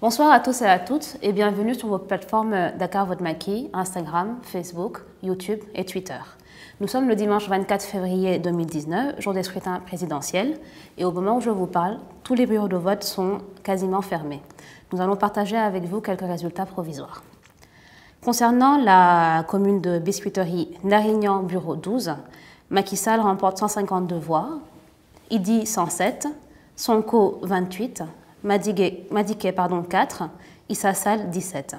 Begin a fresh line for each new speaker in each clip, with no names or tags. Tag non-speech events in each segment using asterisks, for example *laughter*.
Bonsoir à tous et à toutes et bienvenue sur vos plateformes Dakar maki, Instagram, Facebook, YouTube et Twitter. Nous sommes le dimanche 24 février 2019, jour des scrutins présidentiels, et au moment où je vous parle, tous les bureaux de vote sont quasiment fermés. Nous allons partager avec vous quelques résultats provisoires. Concernant la commune de Biscuiterie, Narignan, bureau 12, Macky Sall remporte 152 voix, Idi 107, Sonko 28, Madike, pardon, 4, Issa 17.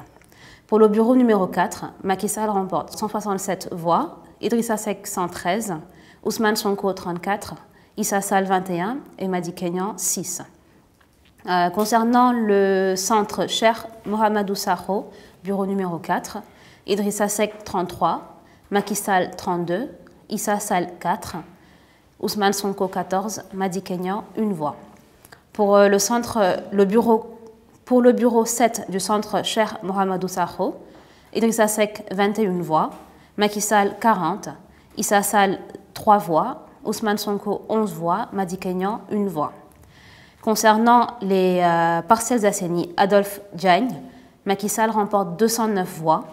Pour le bureau numéro 4, Makisal remporte 167 voix, Idrissa Seck 113, Ousmane Sonko 34, Issa Sal 21 et Madi 6. Euh, concernant le centre Cher Mohamedou Sarro, bureau numéro 4, Idrissa Seck 33, Macky 32, Issa 4, Ousmane Sonko 14, Madi Kenyan 1 voix. Euh, euh, pour le, bureau, 7 du centre Cher Mohamedou Sakho, Idrissa Sek 21 voix, Makisal 40, Issa 3 voix, Ousmane Sonko 11 voix, Madi Kenyan 1 voix. Concernant les euh, parcelles partiels Adolphe Diagne, Makisal remporte 209 voix,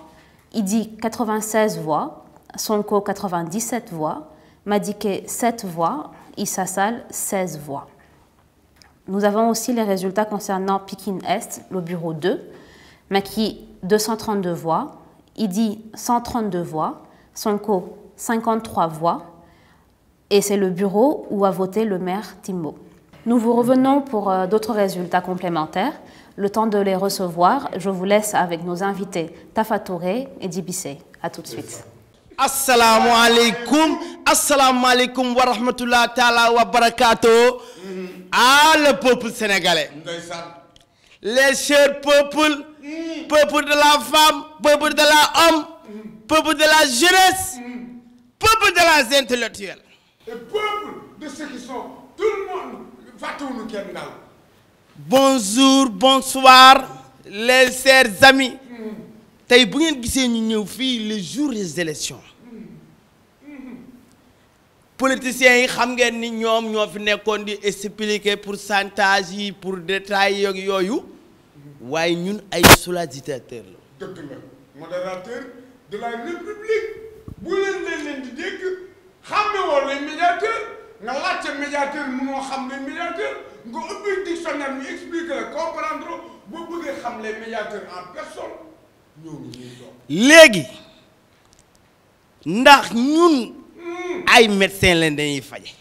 Idi 96 voix, Sonko 97 voix, Madike 7 voix, Issa 16 voix. Nous avons aussi les résultats concernant Pékin Est, le bureau 2, Maki 232 voix, IDI 132 voix, Sonko 53 voix, et c'est le bureau où a voté le maire Timbo. Nous vous revenons pour euh, d'autres résultats complémentaires. Le temps de les recevoir, je vous laisse avec nos invités Tafa Touré et Dibissé. A tout de suite.
Assalamu alaikum, assalamu alaikum wa rahmatullah wa ah, le peuple sénégalais. Les chers peuples, mmh. peuple de la femme, peuple de l'homme, le peuple de la jeunesse, mmh. peuple de la intellectuelle.
Et peuple de ceux qui sont, tout le monde va tout tourner
Bonjour, bonsoir, les chers amis. Mm. Tu bu ngeen le jour des élections politiciens yi xam ngeen ni ñoom ñoo fi nekkoon di expliquer pourcentage yi pour détails yeeg yooyu waaye ñun ay sollicitateurs la. dëgg la
modérateur de la république bu leen leen leen di dégg xam ne woon nañ médiateur nga laajte médiateur mënoo xam ne médiateur nga ubbi dictionnaire ñu expliquer comprendre bu bëggee xam les médiateur en personne ñoo ngi ñuy léegi
ndax ñun. ay médecin leen dañuy faje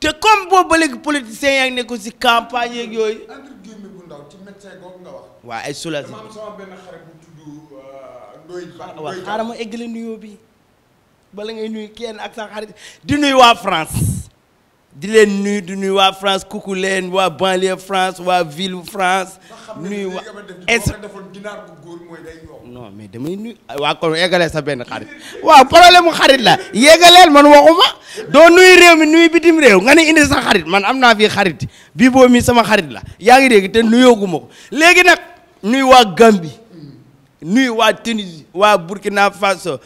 te comme boobu ba léegi politiciens yaa ngi nekkoon si campagne yeeg yooyu. entre
guillemets bu ndaw ci médecin ay soulage dama am sama benn xarit bu tudd euh, waaw xaaral ma eggale
nuyoo bi bala ngay nuyu kenn ak sa xarit di nuyu waa France. di leen nuyu di waa France kuku leen waa banlieue France waa ville France. nuyu waa est non mais damay waa kon yeggalee sa benn xarit
waaw problème
xarit la yeggaleel man waxuma doo nuyu réew mi nuyu bitim réew nga ne indi sa xarit man am naa fii xarit bii boo mi sama xarit la yaa ngi dégg te nuyooguma ko léegi nag nuyu waa Gambie nuyu waa Tunisie waa Burkina Faso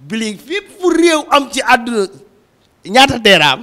bili fépp fu réew am ci àdduna ñaata teeraam.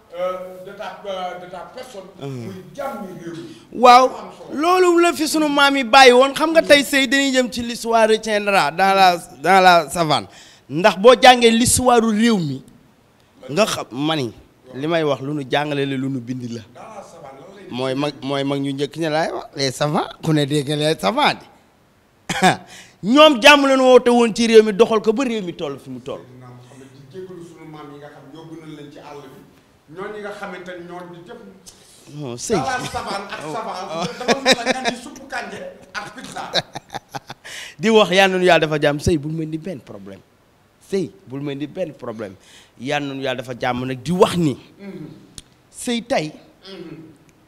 Euh, de euh, ah.
waaw loolu la fi sunu maam yi bàyyi woon xam nga tey sëy dañuy jëm ci l'histoire retiendra dans la dans la savane ndax boo jàngee l'histoire réew mi nga xam mani li may wax lu nu jàngale la lu nu bind la mooy mag mooy mag ñu njëkk ña laay wax les savants ku ne dégg nga les savants *laughs* ñoom jàmm leen woote woon ci réew mi doxal ko ba réew mi toll fi mu toll
ñooñu nga oh,
oh. *laughs* wax yal dafa jàmm sëy bul mel ni problème sëy bul mel ni benn problème yal nañu dafa jàmm nag wax ni. Mm-hmm. Mm-hmm.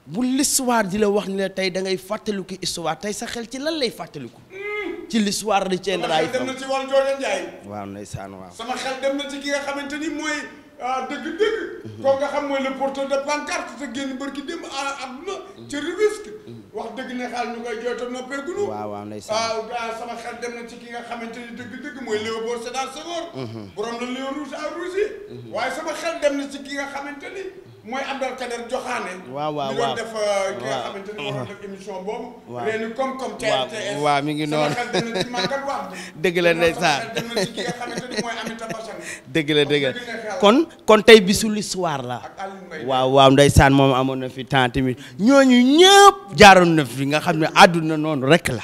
bu l'histoire di wax ni tey da ngay fàttaliku histoire tey sa xel ci lan lay fàttaliku. Mm-hmm. ci l'histoire de Thiel raay. dem na ci
wàllu Ndiaye.
waaw ndeysaan waaw. sama
xel dem na ci nga xamante ni mooy. ah dëgg-dëgg. nga xam mooy le porteur de pancarte te génn bërki démb àdduna ci risque. wax dëgg ne xaal ñu koy jooyta noppeegunu. waaw
waaw ndeysaan
ah sama xel dem na ci ki nga xamante ni dëgg-dëgg mooy Léopold Sédar Senghor. Mhm. borom la Lion rouge à rouge. Mhm. waaye sama xel dem na ci ki nga xamante ni. mooy Abdel waaw waaw waaw doon euh, mi ngi noonu *laughs* sama xel
dëgg la ndeysaan dina dëgg la dëgg kon kon tey bisu l'histoire la. waaw waaw saan moom amoon na fi tent tamit ñooñu ñëpp jaaroon na fi nga xam ne àdduna noonu rek la.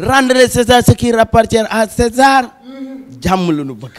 rendre César ce qui appartient à César. Mm-hmm. jàmm la ñu bëgg.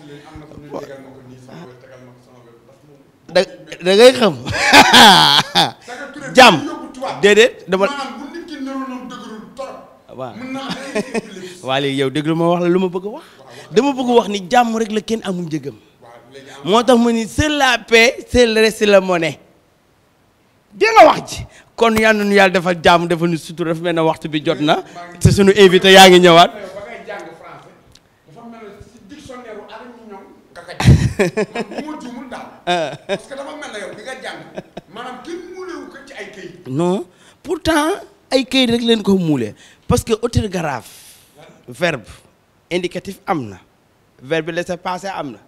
da da ngay xam jàmm déedéet dama. waaw waaw léegi yow déglu ma wax la lu ma bëgg wax dama bëgg wax ni jàmm rek la kenn amul njëgam moo tax ma ni seule la paix seul le reste la mone dégg nga wax ji kon yal na nu yàlla defal jàmm defal nu sutur dafa mel ne waxtu bi jot na te sunu invité yaa ngi ñëwaat.
bu ma juumul daal. ay këyit. non
pourtant ay këyit rek leen ko muule parce que orthographe verbe indicatif am na verbe laisser passer am na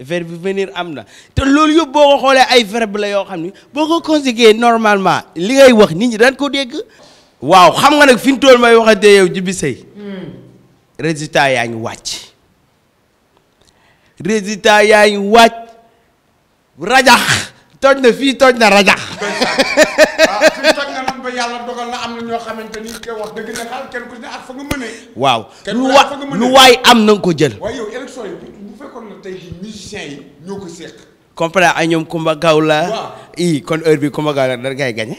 verbe venir am na te loolu yëpp boo ko xoolee ay verbe la yoo xam ni boo ko conjugué normalement li ngay wax nit ñi daan koo dégg. waaw xam nga nag fi mu toll may waxante yow Djiby Seye hmm. résultat yaa ngi wàcc. résultat yaay ngi wàcc rajax toj na fii toj na rajax.
toj na ba am na ñoo xamante ni wax dëgg kenn
waaw
lu wa lu waay am na nga ko jël. waaye ay ñoom Kumba Gawla. waaw kon heure bi Kumba Gawla da ngay gagné.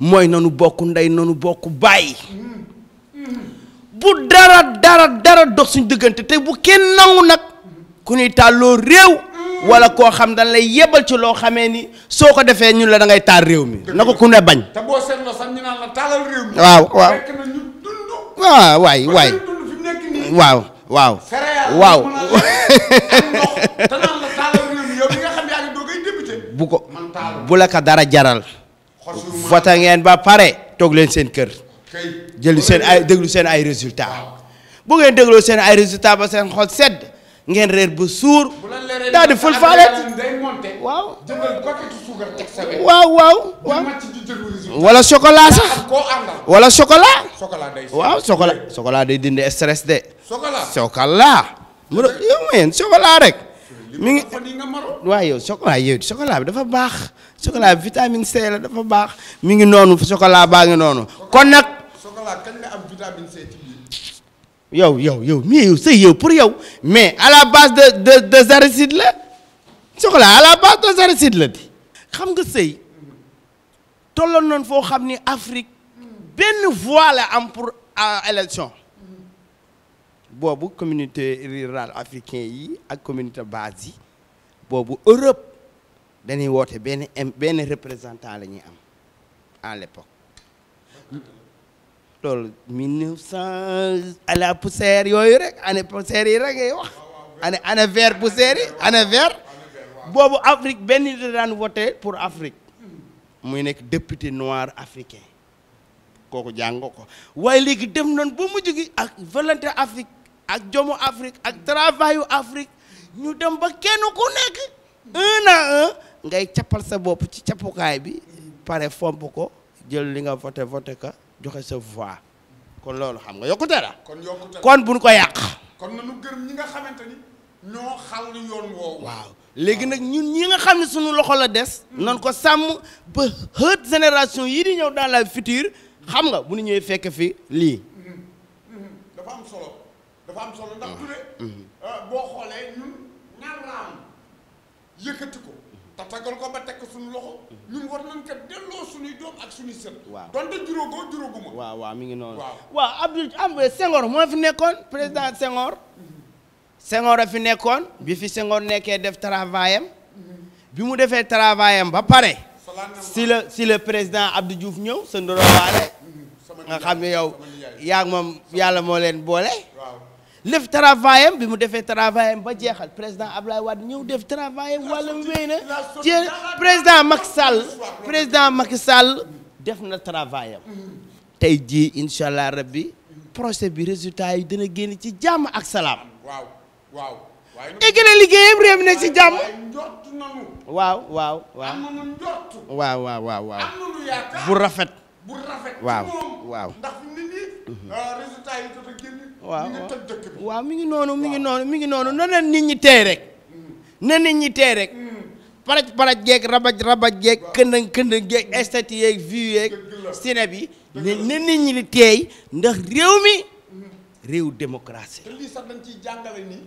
moy nonu bokku nday nonu bokku bay bu dara dara dara dox suñ diggante te bu kenn nangu nak ku ni talo rew wala ko xam dañ lay yebal ci lo xamee ni soko ko ñun la da ngay tar rew mi nako ku ne bañ
te boo seetloo sax ñu naan la talal rew
mi waaw waaw fekk na ñu dund waaw way way waaw waaw waaw te la taalal réew mi yow mi nga xam yaa ngi
doogay député bu ko bu
la ka dara jaral vote ngeen ba pare toog leen seen kër jël seen ay déglu seen ay résultat bu ngeen dégloo ay résultat ba seen xol sedd ngeen reer bu suur daal di ful faale waaw waaw waaw
wala chocolat sax wala chocolat
day dindi stress de chocolat mu ne yow moyen rek mi ngi waaw yow chocolat yow bi dafa baax chocolat bi vitamine C la dafa baax mi ngi noonu chocolat baa ngi noonu kon nag. chocolat yow yow yow mais yow sëy yow pour yow mais à la base de de de arachides la chocolat à la base de arachides la di. xam nga sey tolloon noonu foo xam ni Afrique benn voie la am pour euh, élection. bobu communauté rurale africain yi ak communauté base yi boobu Europe dañuy woté ben, ben représentant lañuy am à l'époque lol 1900 à la poussière yoy rek année poussière yi rek ngay wax année année vert poussière yi vert bobu Afrique ben da daan voté pour Afrique muy nek député noir africain koku jangoko way légui dem non ba mu gi ak volonté Afrique ak jomu Afrique ak travail Afrique ñu dem ba kenn ku nekk ngay cappal sa bopp ci cappukaay bi pare fomp ko jël li nga voté voté ka joxe sa voix kon loolu xam nga yokkute la. kon yokkute kon buñ ko yàq.
kon nanu gërëm ñi nga xamante ni ñoo xal yoon woowu. waaw
léegi nag ñun ñi nga xam ne suñu loxo la des. nan ko sàmm ba xët génération yii di ñëw dans la future xam nga bu ñu ñëwee fekk fi lii.
dafa am solo ah. mm-hmm. euh, boo xoolee ñun ñaar raam mm-hmm.
waaw waaw waaw mi ngi noonu waaw Abdou am euh, moo fi nekkoon président mm-hmm. Senghor Senghor a fi nekkoon bi fi Senghor nekkee def travail bi mu defee travail ba pare si la si le président Abdou Diouf ñëw sa ndoro waale nga xam ne yow yaa moom yàlla moo leen boole def travailam bi mu defee travailam ba jeexal président Ablaye Wade ñëw def travailam wala wéy na président Macky Sall président Macky Sall def na travailam tey jii incha allah rabbi procès bi résultat yi dina génn ci jàmm ak salaam.
waaw waaw. te gën a liggéeyam ci jàmm.
waaw waaw bu rafet. bu waaw waaw mi ngi noonu mi ngi noonu mi ngi noonu na leen nit ñi tey rek na nit ñi tey rek mm. paraj paraj geeg rabaj rabaj geeg këndëng këndëng geeg estati yeeg view yeeg ciné bi na nit ñi di teey ndax réew mi mm. réew démocratie
te lii sax dañ ciy jàngale ni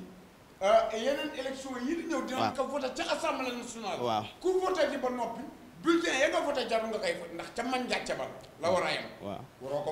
euh, yeneen élection yi di ñëw dinañ ko voté ca assemblée nationale waaw ku voté ji ba noppi bulletin ya nga voté jarul nga koy voté ndax ca man njàcce ba la war a yem waaw waroo ko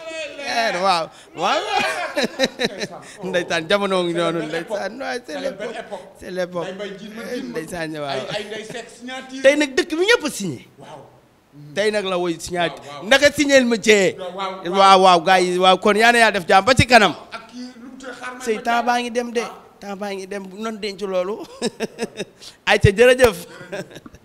waaw waaw *laughs* ndeysaan jamono ngi noonu ndeysaan waaw c'est l'époque c'est l'époque ndeysaan waaw nag dëkk bi ñëpp a signé tey nag la woy signé naka signéel ma jee waaw waaw gars waaw kon yaa yaa def jàmm ci kanam sëy temps baa ngi dem de temps baa ngi dem non denc loolu *laughs* ay ca jërëjëf